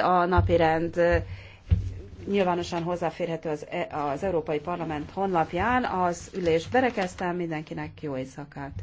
a napirend nyilvánosan hozzáférhető az, e- az Európai Parlament honlapján. Az ülés berekeztem, mindenkinek jó éjszakát!